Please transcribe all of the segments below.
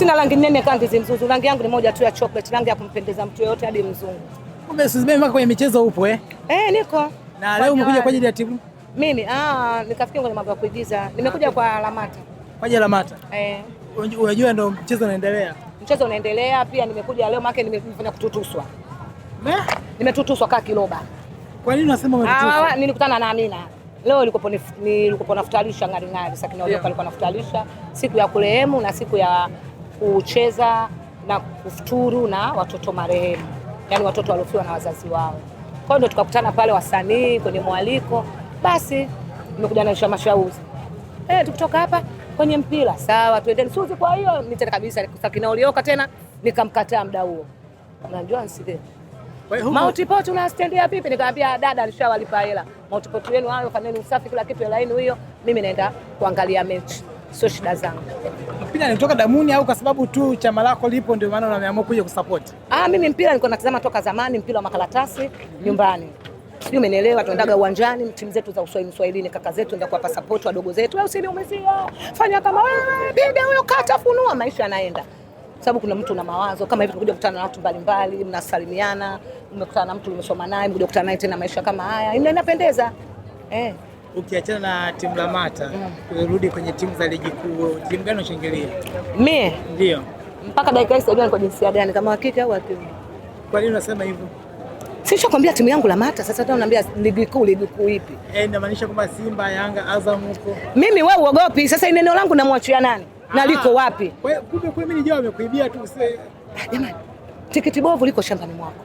Sina rangi nene kangi zimzuzu, rangi yangu ni moja tu ya chocolate, rangi ya kumpendeza mtu yeyote hadi mzungu. Kumbe sizimei mpaka kwenye michezo upo eh? Eh, niko. Na leo umekuja kwa ajili ya timu? Mimi ah, nikafikia kwenye mambo ya kuigiza. Nimekuja ah, kwa Lamata. Kwa ajili ya Lamata. Eh. Unajua ndio mchezo unaendelea. Mchezo unaendelea pia nimekuja leo maana nimefanya kututuswa. Me? Nimetutuswa kaka kiloba. Kwa nini unasema umetutuswa? Ah, nilikutana na Amina. Leo nilikuwa nafutarisha ngari ngari, sasa kinaondoka yeah. alikuwa nafutarisha siku ya kurehemu na siku ya kucheza na kufuturu na watoto marehemu, yani watoto waliofiwa na wazazi wao. Kwa hiyo ndio tukakutana pale wasanii kwenye mwaliko, basi nimekuja na mashauri eh, tukitoka hapa kwenye mpira sawa, tuendeni Suzi. Kwa hiyo nitenda kabisa sakina ulioka tena, nikamkataa mda huo, unajua nsile Mauti Port unastendia vipi? Nikamwambia dada, alishawalipa hela Mauti Port yenu hayo, fanyeni usafi kila kitu, hela yenu hiyo, mimi naenda kuangalia mechi sio shida zangu. Mpira ni kutoka damuni au kwa sababu tu chama lako lipo ndio maana unaamua kuja kusupport? Ah, mimi mpira nilikuwa natazama toka zamani, mpira wa makaratasi nyumbani Sio, umenielewa, tuendaga uwanjani timu zetu za uswahili swahilini, kaka zetu ndio kuwapa support wadogo zetu, Wewe usini Umesia fanya kama wewe, bibi huyo, kata funua, maisha yanaenda sababu kuna mtu na mawazo kama hivi, tunakuja kukutana na watu mbalimbali, mnasalimiana, mmekutana na mtu umesoma naye, mkuja kukutana naye tena maisha kama haya, inapendeza eh ukiachana na timu la Mata urudi mm. kwenye timu za ligi kuu, timu gani unashangilia? Mimi ndio mpaka dakika hii sijajua kwa jinsia gani, kama hakika au kiume. Kwa nini unasema hivyo? Sisha kwambia timu yangu la Mata, sasa tena unaambia ligi kuu, ligi kuu ipi? Eh, inamaanisha kwamba Simba, Yanga, Azam huko. Mimi wewe uogopi? Sasa ile eneo langu namwachia nani? na ah. liko wapi? Kwa kumbe kwa mimi nijao amekuibia tu. Ah, jamani, tikiti bovu liko shambani mwako.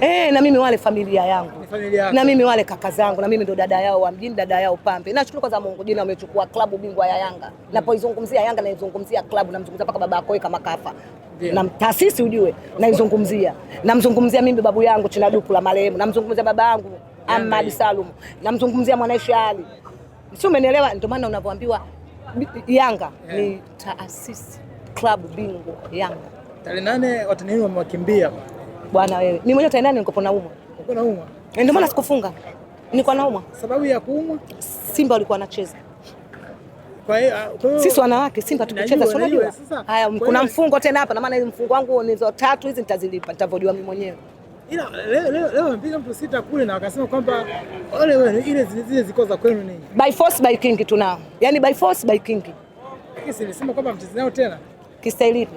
Eh, na mimi wale familia yangu familia na mimi wale kaka zangu na mimi ndo dada yao wa mjini, dada yao Pambe. Nashukuru kwanza Mungu jina amechukua klabu bingwa ya Yanga. Napoizungumzia Yanga naizungumzia klabu, namzungumzia mpaka baba yako kama kafa Yeah. Na taasisi ujue naizungumzia, namzungumzia mimi babu yangu China Duku la marehemu, namzungumzia baba yangu Ahmad Salum, namzungumzia Mwanaisha Ali, sio? umenielewa? Ndio maana unavyoambiwa Yanga yeah. ni taasisi klabu bingwa Yanga. Tarehe nane Watanzania wamewakimbia Bwana wewe. Mimi mwenyewe taendani nilikopo naumwa. Uko naumwa? Eh, ndio maana sikufunga. Nilikuwa naumwa. Sababu ya kuumwa? Simba walikuwa wanacheza. Kwa hiyo ah, kwa sisi wanawake Simba tukicheza sio unajua? Haya, kuna mfungo tena hapa na maana hizo mfungo wangu ni nizo tatu hizi nitazilipa nitavyojua mimi mwenyewe. Ila leo leo leo mpiga mtu sita kule na wakasema kwamba ole wewe ile zile ziko za kwenu nini? By force by king tunao. Yaani by force by king. Kesi nilisema kwamba mchezi nao tena. Kistaili ipi?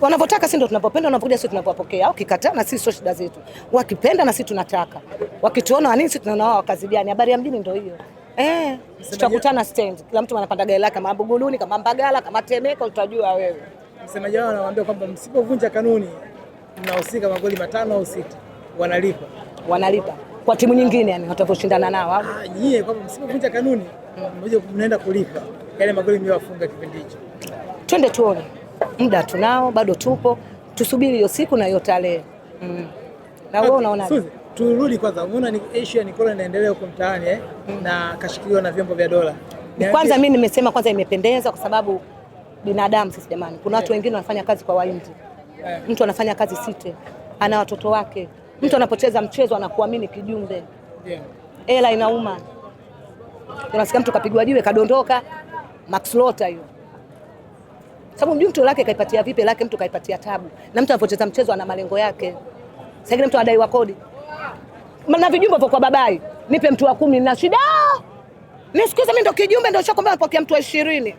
wanavyotaka sisi ndo tunapopenda, wanavyokuja sisi tunapopokea. kikataa na sisi sio shida zetu, wakipenda na sisi tunataka, wakituona wanini sisi tunaona wao wakazi gani. Habari ya mjini ndio hiyo eh, tutakutana stand, kila mtu anapanda gari lake, kama Buguruni, kama Mbagala, kama Temeke, utajua wewe. Msemaji wao anawaambia kwamba msipovunja kanuni mnahusika magoli matano au sita, wanalipa wanalipa kwa timu nyingine, yani watavyoshindana nao. Ah, nyie kwamba msipovunja kanuni mmoja mnaenda kulipa yale magoli mliyowafunga kipindi hicho. Twende tuone muda tunao, bado tupo, tusubiri hiyo siku na hiyo tarehe mm. na wewe unaona turudi kwanza, unaona ni Asia ya inaendelea huko mtaani eh? mm. na kashikiliwa na vyombo vya dola. Kwanza mimi nimesema kwanza imependeza kwa sababu binadamu sisi jamani, kuna watu yeah. wengine wanafanya kazi kwa waindi yeah. mtu anafanya kazi site, ana watoto wake yeah. mtu eh. anapocheza mchezo anakuamini kijumbe yeah. Ela inauma, unasikia mtu kapigwa jiwe kadondoka, Max Lota hiyo sababu mjui mtu lake kaipatia vipi, lake mtu kaipatia tabu, na mtu anapocheza mchezo ana malengo yake. Sasa mtu anadaiwa kodi na vijumbe vya kwa babai, nipe mtu wa kumi na shida nisikize mimi, ndo kijumbe ndo shako mbaya, napokea mtu wa ishirini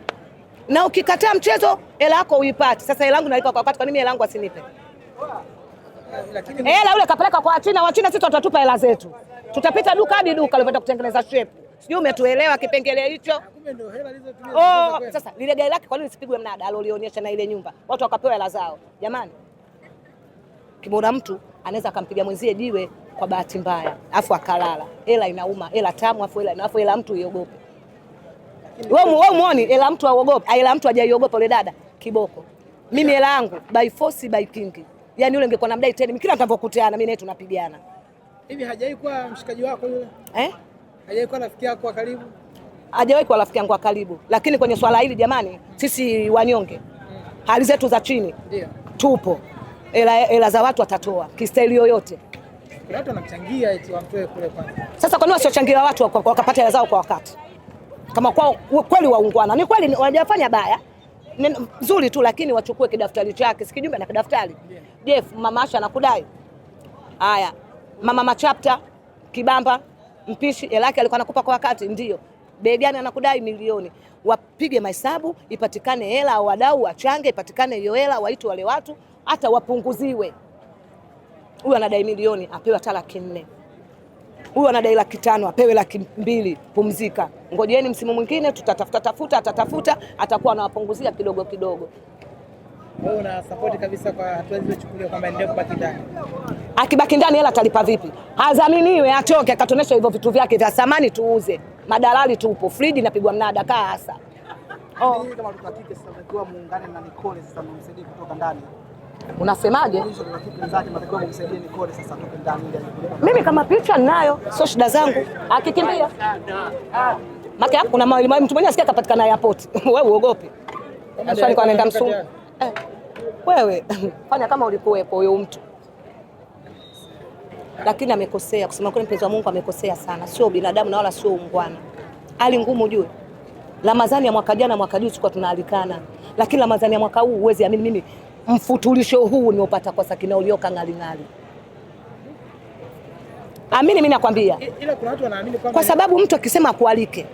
na ukikataa mchezo hela yako uipate. Sasa hela yangu nalipa kwa wakati, kwa nini hela yangu asinipe? Hela ule kapeleka kwa Wachina, Wachina sisi tutatupa hela zetu, tutapita duka hadi duka, alipenda kutengeneza shepu Sijui umetuelewa kipengele hicho? Ah, oh, sasa lile gari lake kwa nini sipigwe mnada alolionyesha na ile nyumba, watu wakapewa hela zao? Jamani, kimona mtu anaweza akampiga mwenzie jiwe kwa bahati mbaya afu akalala. Hela inauma, hela tamu, afu hela afu hela mtu iogope. Wewe muoni hela mtu aogope, hela mtu hajaiogopa yule dada kiboko. Mimi hela yangu by force by king, Yaani yule ungekuwa namdai tena, mimi kila tunavyokutana mimi naye tunapigana. Hivi hajaikuwa mshikaji wako yule? Eh? Hajawahi kuwa rafiki yako wa karibu? Hajawahi kuwa rafiki yangu wa karibu, lakini kwenye swala hili jamani, sisi wanyonge, hali zetu za chini yeah. tupo Ela, ela za watu watatoa kistaili yoyote. Kuna kule kwanza. Sasa kwa nini wasiochangia watu wakapata hela zao kwa wakati? Kama kwa kweli waungwana, ni kweli wajafanya baya nzuri tu, lakini wachukue kidaftari chake, si na kidaftari Jeff. Mama Asha anakudai haya, mama Machapta Kibamba mpishi hela yake alikuwa anakupa kwa wakati, ndio bei gani anakudai milioni, wapige mahesabu, ipatikane hela, wadau wachange, ipatikane hiyo hela, waitu wale watu, hata wapunguziwe. Huyu anadai milioni, apewe hata laki nne. Huyu anadai laki tano, apewe laki mbili. Pumzika, ngojeni msimu mwingine, tutatafuta tafuta, atatafuta, atakuwa anawapunguzia kidogo kidogo wewe una support kabisa kwa hatua zilizochukuliwa kwamba endelee kubaki ndani. Akibaki ndani hela atalipa vipi? Hadhaminiwe, achoke, akatonesha hivyo vitu vyake vya samani, tuuze madalali. Tupo Fridi napigwa mnada kaa hasa oh. Unasemaje? Mimi kama picha ninayo, sio shida zangu. Akikimbia maka kuna mtu mwenye asikia kapatikana airport, wewe uogope? Yaani anaenda Msumi eh, wewe fanya kama ulikuwepo huyo mtu, lakini amekosea. Kusema kweli, mpenzi wa Mungu amekosea sana, sio binadamu na wala sio ungwana. Hali ngumu jue Ramadhani ya mwaka jana, mwaka juzi tulikuwa tunaalikana, lakini Ramadhani ya mwaka huu huwezi amini, mimi mfutulisho huu niopata kwa Sakina ulioka ngali. Amini mimi nakwambia, kwa sababu mtu akisema akualike,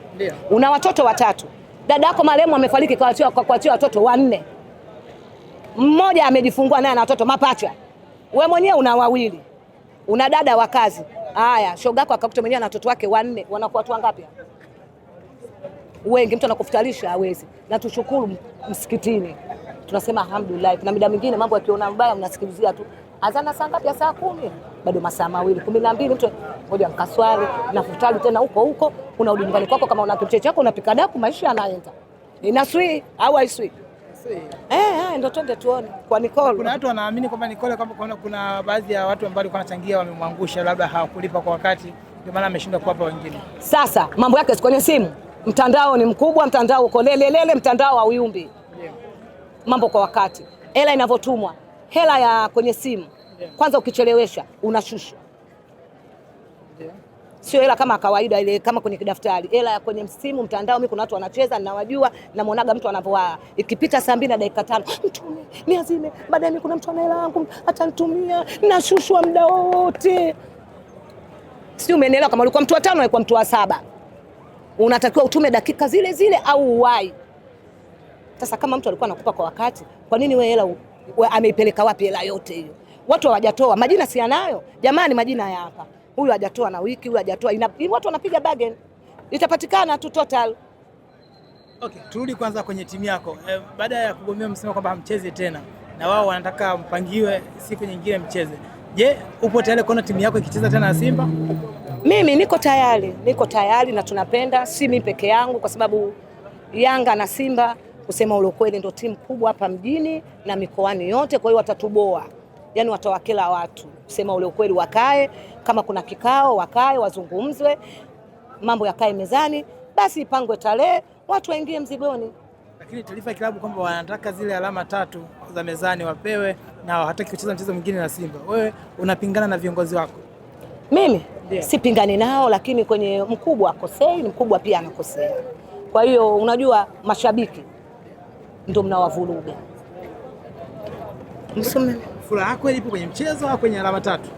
una watoto watatu, dada yako marehemu amefariki kwa kuachia watoto wanne mmoja amejifungua naye na watoto mapacha. We mwenyewe una wawili, una dada wa kazi. Haya, shoga yako akakuta mwenyewe na watoto wake wanne, wanakuwa watu wangapi? Wengi, mtu anakufutalisha hawezi. Na tushukuru msikitini, tunasema alhamdulillah. Kuna mida mingine mambo yakiona mbaya, mnasikilizia tu azana saa ngapi? Saa kumi, bado masaa mawili, kumi na mbili, mtu ngoja mkaswali na futari tena huko huko, unarudi nyumbani kwako, kama una kitu chako unapika daku, maisha yanaenda. Inaswi au haiswi? Eh, eh, ndo twende tuone kwa Nicole. Kuna watu wanaamini kwamba Nicole kwamba kuna baadhi ya watu ambao walikuwa wanachangia wamemwangusha, labda hawakulipa kwa wakati, ndio maana ameshindwa kuwapa wengine. Sasa mambo yake si kwenye simu, mtandao ni mkubwa, mtandao uko lelelele, mtandao hauyumbi yeah. Mambo kwa wakati, hela inavyotumwa, hela ya kwenye simu yeah. Kwanza ukichelewesha unashusha sio hela kama kawaida ile kama kwenye kidaftari, hela ya kwenye msimu mtandao. Mimi kuna watu wanacheza ninawajua na namuonaga mtu anavyoa, ikipita saa mbili na dakika tano mtume niazime, baadaye mimi kuna mtu ana hela yangu atanitumia, nashushwa muda wote, sio umenielewa? Kama ulikuwa mtu wa tano, alikuwa mtu wa saba, unatakiwa utume dakika zile zile au uwai. Sasa kama mtu alikuwa anakupa kwa wakati, kwa nini wewe hela ameipeleka wapi? Hela yote hiyo watu hawajatoa majina, si anayo jamani, majina ya hapa huyu hajatoa na wiki, huyu hajatoa. Watu wanapiga bargain, itapatikana tu total. Okay, turudi kwanza kwenye timu yako e, baada ya kugomea msema kwamba hamchezi tena na wao wanataka mpangiwe siku nyingine mcheze. Je, upo tayari kuona timu yako ikicheza tena na Simba? Mimi niko tayari, niko tayari na tunapenda, si mimi peke yangu, kwa sababu Yanga na Simba kusema ule kweli ndio timu kubwa hapa mjini na mikoani yote, kwa hiyo watatuboa, yani watawakela watu kusema ule kweli, wakae kama kuna kikao, wakae wazungumzwe, mambo yakae mezani, basi ipangwe tarehe, watu waingie mzigoni. Lakini taarifa ya kilabu kwamba wanataka zile alama tatu za mezani wapewe na hataki kucheza mchezo mwingine na Simba. Wewe unapingana na viongozi wako? Mimi yeah, sipingani nao, lakini kwenye mkubwa akosei, ni mkubwa pia anakosea. Kwa hiyo unajua, mashabiki ndio mnawavuruga. Furaha yako ilipo kwenye mchezo au kwenye alama tatu?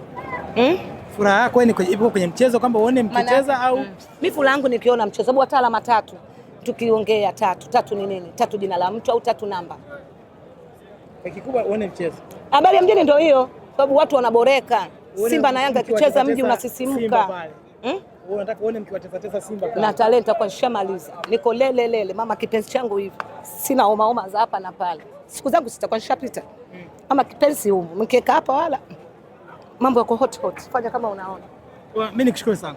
mm? furaha yako ni yaani ipo kwenye mchezo kwamba uone mkicheza au? Mimi mm. furaha yangu nikiona mchezo, sababu hata alama tatu tukiongea tatu tatu ni nini? Tatu jina la mtu au tatu namba, kikubwa uone mchezo. Habari ya mjini ndio hiyo, sababu watu wanaboreka. Simba na Yanga kicheza mji unasisimka hmm? Unataka uone mkiwatesa tesa Simba Na talenta kwa nishamaliza. Niko lele lele mama kipenzi changu hivi. Sina homa homa za hapa na pale. Siku zangu sitakuwa nishapita. Hmm. Mama kipenzi humu. mkeka hapa wala mambo yako hot hot, fanya kama unaona. Mimi nikushukuru sana.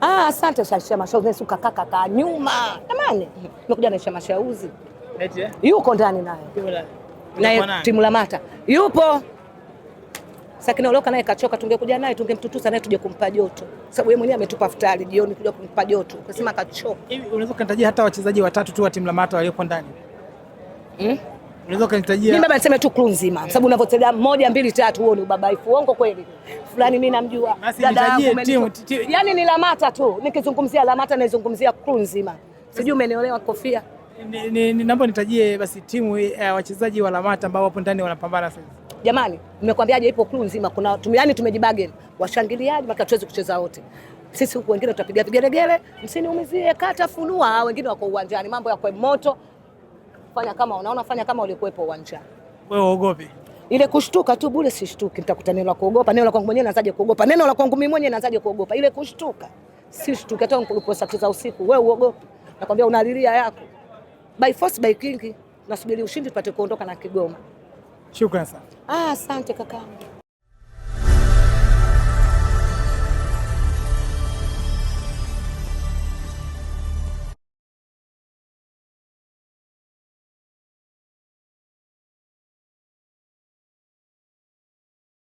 Ah, asante Shaisha Mashauzi, suka kaka ka nyuma jamani, nimekuja na Shaisha Mashauzi eh? yuko ndani naye na timu Mata. yupo Sakina Uloka naye kachoka, tungekuja naye tungemtutusa naye tuje kumpa joto, sababu yeye mwenyewe ametupa futari jioni kuja kumpa joto, kasema kachoka. Hivi unaweza kunitajia hata wachezaji watatu tu wa timu Mata waliopo ndani mm? Unaweza kunitajia? Mimi baba niseme tu crew nzima kwa sababu unavyotaja moja mbili tatu huo ni ubabaifu. Uongo kweli. Fulani mimi namjua. Dada yangu. Yaani ni Lamata tu. Nikizungumzia Lamata naizungumzia crew nzima. Sijui umeelewa kofia. Ni, ni, naomba nitajie basi timu ya uh, eh, wachezaji wa Lamata ambao wapo ndani wanapambana sasa. Jamani, nimekwambiaje ipo crew nzima. Kuna yaani tumejibagen washangiliaji mpaka tuweze kucheza wote. Sisi huku wengine tutapiga vigelegele, msiniumizie kata funua, wengine wako uwanjani, mambo ya kwa moto kufanya kama unaona, fanya kama ulikuwepo uwanjani. Wewe uogopi ile kushtuka tu bure, sishtuki. Nitakuta neno la kuogopa, neno la kwangu mwenyewe nazaje kuogopa? Neno la kwangu mimi mwenyewe nazaje kuogopa? Ile kushtuka sishtuki, hata nikulipo usiku wewe uogopi? Nakwambia unalilia yako by force by king. Nasubiri ushindi tupate kuondoka na Kigoma. Shukrani sana. Ah, asante kaka.